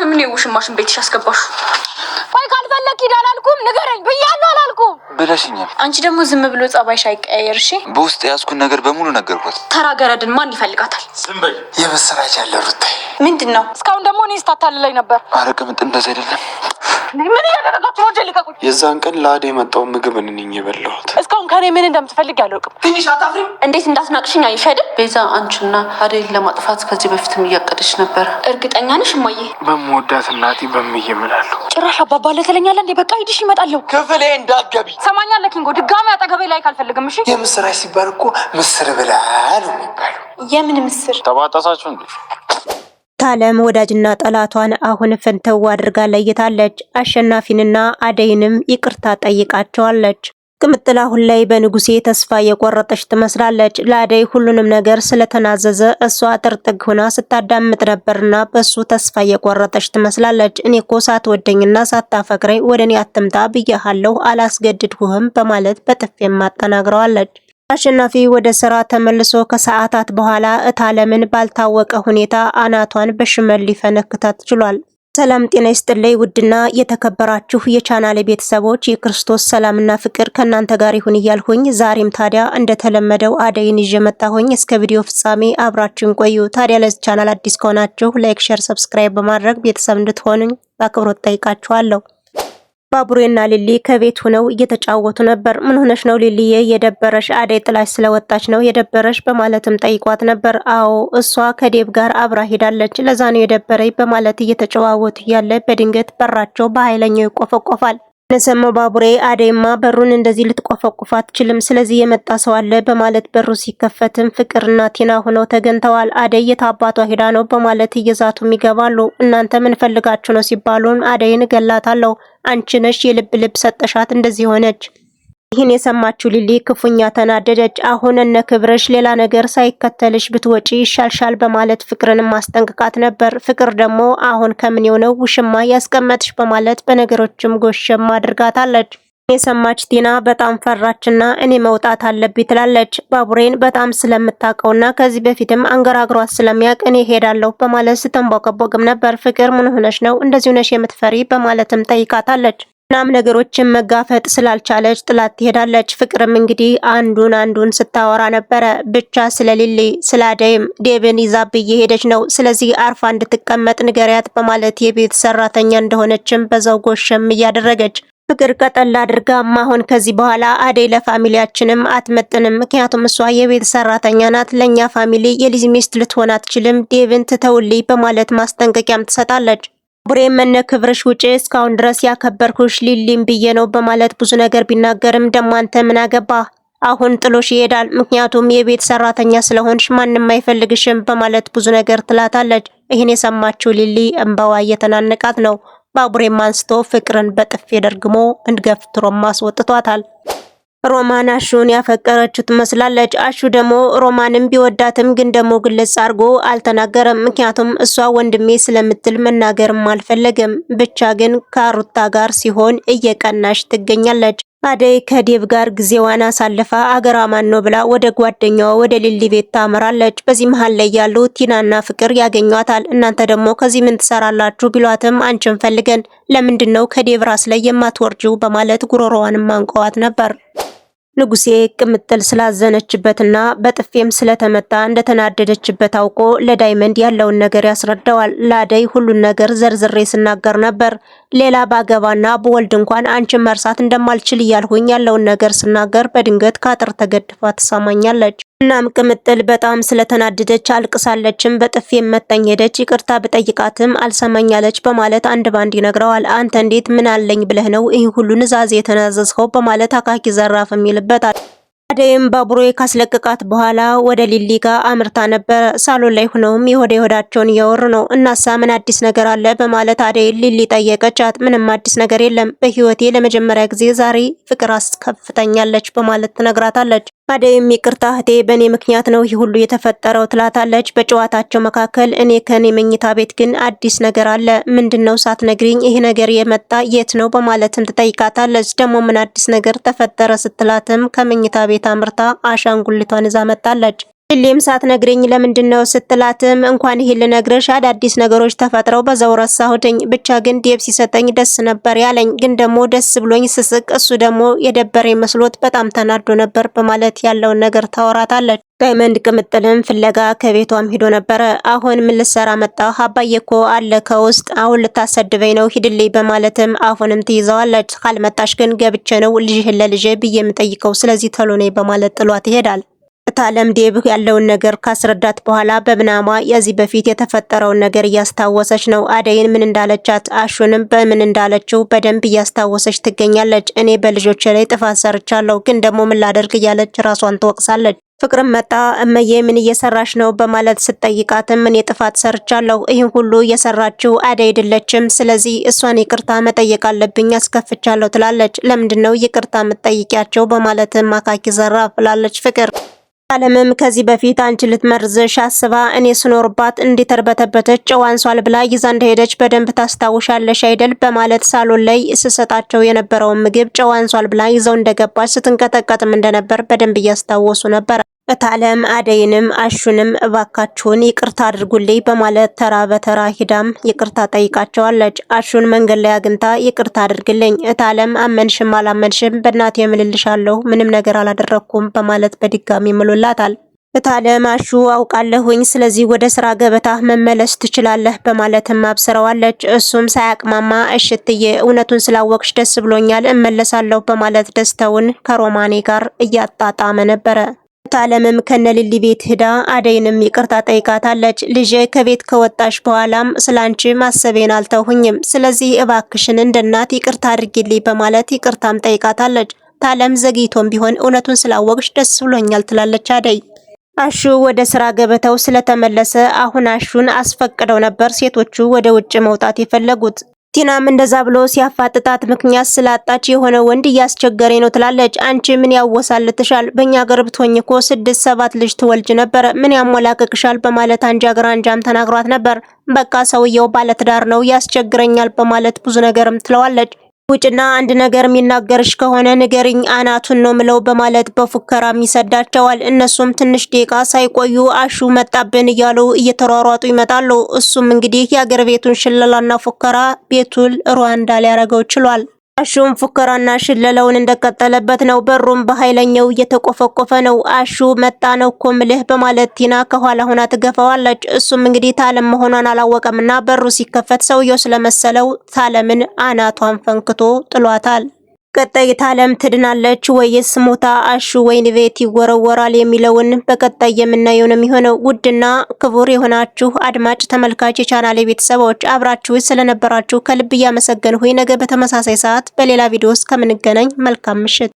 ለምን የውሽማሽን ቤትሽ አስገባሹ? ቆይ ካልፈለግ ሂድ አላልኩም? ንገረኝ ብያለሁ አላልኩም? ብለሽኛል። አንቺ ደግሞ ዝም ብሎ ጸባይሽ አይቀያየር እሺ። በውስጥ የያዝኩን ነገር በሙሉ ነገርኳት። ተራ ገረድን ማን ይፈልጋታል? ዝም በይ። የመሰራች ያለ ሩታይ ምንድን ነው እስካሁን ደግሞ እኔ ስታታልለኝ ነበር። አረቅምጥ እንደዚ አይደለም። ምን እያደረጋችሁ ወደ ልቀቁኝ። የዛን ቀን ለአደ የመጣውን ምግብ እንንኝ የበላሁት እስካሁን ከኔ ምን እንደምትፈልግ ያለውቅም። ትንሽ አታፍሪም? እንዴት እንዳስናቅሽኝ አይሻድም? ቤዛ አንቺና አደይን ለማጥፋት ከዚህ በፊትም እያቀደች ነበር። እርግጠኛ ነሽ እማዬ? መወዳት እናቴ በምዬ እምላለሁ። ጭራሽ አባባ ለተለኛለ እንዴ! በቃ ሂድሽ፣ ይመጣለሁ። ክፍሌ እንዳትገቢ ሰማኛለ ኪንጎ። ድጋሚ አጠገቤ ላይ ካልፈልግም። እሺ። የምስራች ሲባል እኮ ምስር ብላ ነው የሚባለው። የምን ምስር? ተባጣሳችሁ እንዴ? ታለም ወዳጅና ጠላቷን አሁን ፈንተው አድርጋ ለይታለች። አሸናፊንና አደይንም ይቅርታ ጠይቃቸዋለች። ቅምጥል አሁን ላይ በንጉሴ ተስፋ የቆረጠች ትመስላለች። ለአደይ ሁሉንም ነገር ስለተናዘዘ እሷ ጥርጥግ ሆና ስታዳምጥ ነበርና በሱ ተስፋ የቆረጠች ትመስላለች። እኔ እኮ ሳትወደኝና ሳታፈቅረኝ ወደ እኔ አትምጣ ብያሃለሁ፣ አላስገድድሁህም በማለት በጥፌም አጠናግረዋለች። አሸናፊ ወደ ስራ ተመልሶ ከሰዓታት በኋላ እታለምን ባልታወቀ ሁኔታ አናቷን በሽመል ሊፈነክታት ችሏል። ሰላም ጤና ይስጥልኝ። ውድና የተከበራችሁ የቻናሌ ቤተሰቦች የክርስቶስ ሰላምና ፍቅር ከእናንተ ጋር ይሁን እያልሁኝ ዛሬም ታዲያ እንደተለመደው አደይን ይዤ መጣሁኝ። እስከ ቪዲዮ ፍጻሜ አብራችን ቆዩ። ታዲያ ለዚህ ቻናል አዲስ ከሆናችሁ ላይክ፣ ሸር፣ ሰብስክራይብ በማድረግ ቤተሰብ እንድትሆኑኝ በአክብሮት ጠይቃችኋለሁ። ባቡሬና ሊሊ ከቤት ሆነው እየተጫወቱ ነበር። ምን ሆነሽ ነው ሊሊዬ? የደበረሽ አደይ ጥላሽ ስለወጣች ነው የደበረሽ በማለትም ጠይቋት ነበር። አዎ እሷ ከዴብ ጋር አብራ ሄዳለች፣ ለዛ ነው የደበረኝ በማለት እየተጨዋወቱ ያለ በድንገት በራቸው በኃይለኛው ይቆፈቆፋል። ለሰማው ባቡሬ አደይማ በሩን እንደዚህ ልትቆፈቁፍ አትችልም፣ ስለዚህ የመጣ ሰው አለ በማለት በሩ ሲከፈትም ፍቅርና ቲና ሆነው ተገኝተዋል። አደይ የታባቷ ሄዳ ነው በማለት እየዛቱም ይገባሉ። እናንተ ምን ፈልጋችሁ ነው ሲባሉን አደይን እገላታለሁ፣ አንቺ ነሽ የልብ ልብ ሰጠሻት እንደዚህ ሆነች ይህን የሰማችው ሊሊ ክፉኛ ተናደደች። አሁን እነ ክብርሽ ሌላ ነገር ሳይከተልሽ ብትወጪ ይሻልሻል በማለት ፍቅርን ማስጠንቅቃት ነበር። ፍቅር ደግሞ አሁን ከምን የሆነው ውሽማ ያስቀመጥሽ በማለት በነገሮችም ጎሸም አድርጋታለች። የሰማች ቲና በጣም ፈራችና እኔ መውጣት አለብኝ ትላለች። ባቡሬን በጣም ስለምታውቀውና ከዚህ በፊትም አንገራግሯት ስለሚያውቅ እኔ ሄዳለሁ በማለት ስተንቧቀቦቅም ነበር። ፍቅር ምን ሆነሽ ነው እንደዚህ ሆነሽ የምትፈሪ በማለትም ጠይቃታለች። እናም ነገሮችን መጋፈጥ ስላልቻለች ጥላት ትሄዳለች። ፍቅርም እንግዲህ አንዱን አንዱን ስታወራ ነበረ። ብቻ ስለ ሊሊ ስላደይም ዴብን ይዛብ እየሄደች ነው፣ ስለዚህ አርፋ እንድትቀመጥ ንገሪያት በማለት የቤት ሰራተኛ እንደሆነችም በዛው ጎሸም እያደረገች ፍቅር ቀጠል አድርጋ ማሆን ከዚህ በኋላ አደይ ለፋሚሊያችንም አትመጥንም፣ ምክንያቱም እሷ የቤት ሰራተኛ ናት፣ ለእኛ ፋሚሊ የሊዝ ሚስት ልትሆን አትችልም፣ ዴብን ትተውልይ በማለት ማስጠንቀቂያም ትሰጣለች። ቡሬ መነ ክብርሽ ውጪ እስካሁን ድረስ ያከበርኩሽ ሊሊም ብዬ ነው በማለት ብዙ ነገር ቢናገርም ደማንተ ምን አገባ አሁን ጥሎሽ ይሄዳል። ምክንያቱም የቤት ሰራተኛ ስለሆንሽ ማንም አይፈልግሽም በማለት ብዙ ነገር ትላታለች። ይህን የሰማችው ሊሊ እንባዋ እየተናነቃት ነው። ባቡሬም አንስቶ ፍቅርን በጥፌ ደርግሞ እንድገፍትሮም አስወጥቷታል። ሮማን አሹን ያፈቀረችው ትመስላለች። አሹ ደግሞ ሮማንም ቢወዳትም ግን ደግሞ ግልጽ አድርጎ አልተናገረም። ምክንያቱም እሷ ወንድሜ ስለምትል መናገርም አልፈለገም። ብቻ ግን ከሩታ ጋር ሲሆን እየቀናሽ ትገኛለች። አደይ ከዴብ ጋር ጊዜዋን አሳልፋ አገራ ማን ነው ብላ ወደ ጓደኛዋ ወደ ሊሊ ቤት ታመራለች። በዚህ መሀል ላይ ያሉ ቲናና ፍቅር ያገኟታል። እናንተ ደግሞ ከዚህ ምን ትሰራላችሁ ቢሏትም አንቺን ፈልገን ለምንድን ነው ከዴብ ራስ ላይ የማትወርጂው በማለት ጉሮሮዋንም አንቀዋት ነበር። ንጉሴ ቅምጥል ስላዘነችበትና በጥፌም ስለተመታ እንደተናደደችበት አውቆ ለዳይመንድ ያለውን ነገር ያስረዳዋል። ለአደይ ሁሉን ነገር ዘርዝሬ ስናገር ነበር ሌላ ባገባና በወልድ እንኳን አንቺን መርሳት እንደማልችል እያልሁኝ ያለውን ነገር ስናገር በድንገት ከአጥር ተገድፋ ትሰማኛለች። እናም ቅምጥል በጣም ስለተናደደች አልቅሳለችም። በጥፊ መታኝ ሄደች። ይቅርታ ብጠይቃትም አልሰማኛለች በማለት አንድ ባንድ ይነግረዋል። አንተ እንዴት ምን አለኝ ብለህ ነው ይህ ሁሉ ንዛዜ የተናዘዝኸው? በማለት አካኪ ዘራፍም ይልበታል። አደይም ባቡሬ ካስለቀቃት በኋላ ወደ ሊሊ ጋር አምርታ ነበር። ሳሎን ላይ ሆነውም የሆደ የሆዳቸውን እያወሩ ነው። እናሳ ምን አዲስ ነገር አለ በማለት አደይ ሊሊ ጠየቀቻት። ምንም አዲስ ነገር የለም፣ በህይወቴ ለመጀመሪያ ጊዜ ዛሬ ፍቅር አስከፍተኛለች በማለት ትነግራታለች። አደይም ይቅርታ እህቴ በእኔ ምክንያት ነው ይህ ሁሉ የተፈጠረው ትላታለች። በጨዋታቸው መካከል እኔ ከእኔ መኝታ ቤት ግን አዲስ ነገር አለ። ምንድን ነው ሳትነግሪኝ ይህ ነገር የመጣ የት ነው በማለትም ትጠይቃታለች። ደግሞ ምን አዲስ ነገር ተፈጠረ ስትላትም ከመኝታ ቤት አምርታ አሻንጉሊቷን እዛ መጣለች። ሁሌም ሳትነግረኝ ለምንድን ነው ስትላትም እንኳን ይሄን ልነግርሽ አዳዲስ ነገሮች ተፈጥረው በዛው ረሳሁትኝ። ብቻ ግን ዴብ ሲሰጠኝ ደስ ነበር ያለኝ። ግን ደግሞ ደስ ብሎኝ ስስቅ፣ እሱ ደግሞ የደበረ መስሎት በጣም ተናዶ ነበር በማለት ያለውን ነገር ታወራታለች። ዳይመንድ ቅምጥልን ፍለጋ ከቤቷም ሂዶ ነበረ። አሁን ምን ልሰራ መጣሁ? አባዬ እኮ አለ ከውስጥ። አሁን ልታሰድበኝ ነው ሂድልኝ በማለትም አሁንም ትይዘዋለች። ካልመጣሽ ግን ገብቼ ነው ልጅህን ለልጄ ብዬ የምጠይቀው፣ ስለዚህ ተሎ ነይ በማለት ጥሏት ይሄዳል። በቀጥታ ዴብ ያለውን ነገር ካስረዳት በኋላ በምናሟ የዚህ በፊት የተፈጠረውን ነገር እያስታወሰች ነው። አደይን ምን እንዳለቻት፣ አሹንም በምን እንዳለችው በደንብ እያስታወሰች ትገኛለች። እኔ በልጆች ላይ ጥፋት ሰርቻለሁ፣ ግን ደግሞ ምን ላደርግ እያለች ራሷን ትወቅሳለች። ፍቅርም መጣ እመዬ ምን እየሰራሽ ነው በማለት ስትጠይቃትም እኔ ጥፋት ሰርቻለሁ ይህን ሁሉ እየሰራችው አደይ አይደለችም ስለዚህ እሷን ይቅርታ መጠየቅ አለብኝ አስከፍቻለሁ ትላለች ለምንድን ነው ይቅርታ የምትጠይቂያቸው በማለትም አካኪ ዘራ ብላለች ፍቅር አለምም ከዚህ በፊት አንቺ ልትመርዝሽ አስባ እኔ ስኖርባት እንዲተርበተበተች ጨው ብላ ይዛ እንደሄደች በደንብ ታስታውሻለሽ አይደል? በማለት ሳሎን ላይ ስሰጣቸው የነበረውን ምግብ ጨው ብላ ይዘው እንደገባች ስትንቀጠቀጥም እንደነበር በደንብ እያስታወሱ ነበር። እታለም አደይንም አሹንም እባካችሁን ይቅርታ አድርጉልኝ በማለት ተራ በተራ ሂዳም ይቅርታ ጠይቃቸዋለች። አሹን መንገድ ላይ አግኝታ ይቅርታ አድርግልኝ፣ እታለም አመንሽም አላመንሽም በእናቴ የምልልሻለሁ ምንም ነገር አላደረግኩም በማለት በድጋሚ ምሎላታል። እታለም አሹ አውቃለሁኝ፣ ስለዚህ ወደ ስራ ገበታ መመለስ ትችላለህ በማለትም አብስረዋለች። እሱም ሳያቅማማ እሽትዬ እውነቱን ስላወቅሽ ደስ ብሎኛል፣ እመለሳለሁ በማለት ደስታውን ከሮማኔ ጋር እያጣጣመ ነበረ። አለምም ከነ ቤት ሂዳ አደይንም ይቅርታ ጠይቃታለች። ልጄ ከቤት ከወጣሽ በኋላም ስላንቺ ማሰቤን አልተውኝም። ስለዚህ እባክሽን እንደ እናት ይቅርታ አድርጊልኝ በማለት ይቅርታም ጠይቃታለች። ታለም ዘግይቶም ቢሆን እውነቱን ስላወቅሽ ደስ ብሎኛል ትላለች አደይ። አሹ ወደ ስራ ገበተው ስለተመለሰ አሁን አሹን አስፈቅደው ነበር ሴቶቹ ወደ ውጭ መውጣት የፈለጉት። ቲናም እንደዛ ብሎ ሲያፋጥጣት ምክንያት ስላጣች የሆነ ወንድ እያስቸገረኝ ነው ትላለች። አንቺ ምን ያወሳልትሻል? በእኛ ገር ብትሆኝ እኮ ስድስት ሰባት ልጅ ትወልጅ ነበር። ምን ያሞላቅቅሻል? በማለት አንጃ ግራ አንጃም ተናግሯት ነበር። በቃ ሰውየው ባለትዳር ነው ያስቸግረኛል በማለት ብዙ ነገርም ትለዋለች። ውጭና አንድ ነገር የሚናገርሽ ከሆነ ንገርኝ፣ አናቱን ነው ምለው በማለት በፉከራም ይሰዳቸዋል። እነሱም ትንሽ ደቂቃ ሳይቆዩ አሹ መጣብን እያሉ እየተሯሯጡ ይመጣሉ። እሱም እንግዲህ የአገር ቤቱን ሽለላና ፉከራ ቤቱን ሩዋንዳ ሊያደርገው ችሏል። አሹም ፉከራና ሽለላውን እንደቀጠለበት ነው። በሩም በኃይለኛው እየተቆፈቆፈ ነው። አሹ መጣ ነው እኮ ምልህ በማለት ቲና ከኋላ ሆና ትገፋዋለች። እሱም እንግዲህ ታለም መሆኗን አላወቀምና በሩ ሲከፈት ሰውየው ስለመሰለው ታለምን አናቷን ፈንክቶ ጥሏታል። ቀጣይታ ታለም ትድናለች ወይስ ሞታ አሹ ወይን ቤት ይወረወራል የሚለውን በቀጣይ የምናየው ነው የሚሆነው። ውድና ክቡር የሆናችሁ አድማጭ ተመልካች የቻናሌ ቤተሰቦች አብራችሁ ስለነበራችሁ ከልብ እያመሰገንሁ ነገ በተመሳሳይ ሰዓት በሌላ ቪዲዮ እስከምንገናኝ መልካም ምሽት።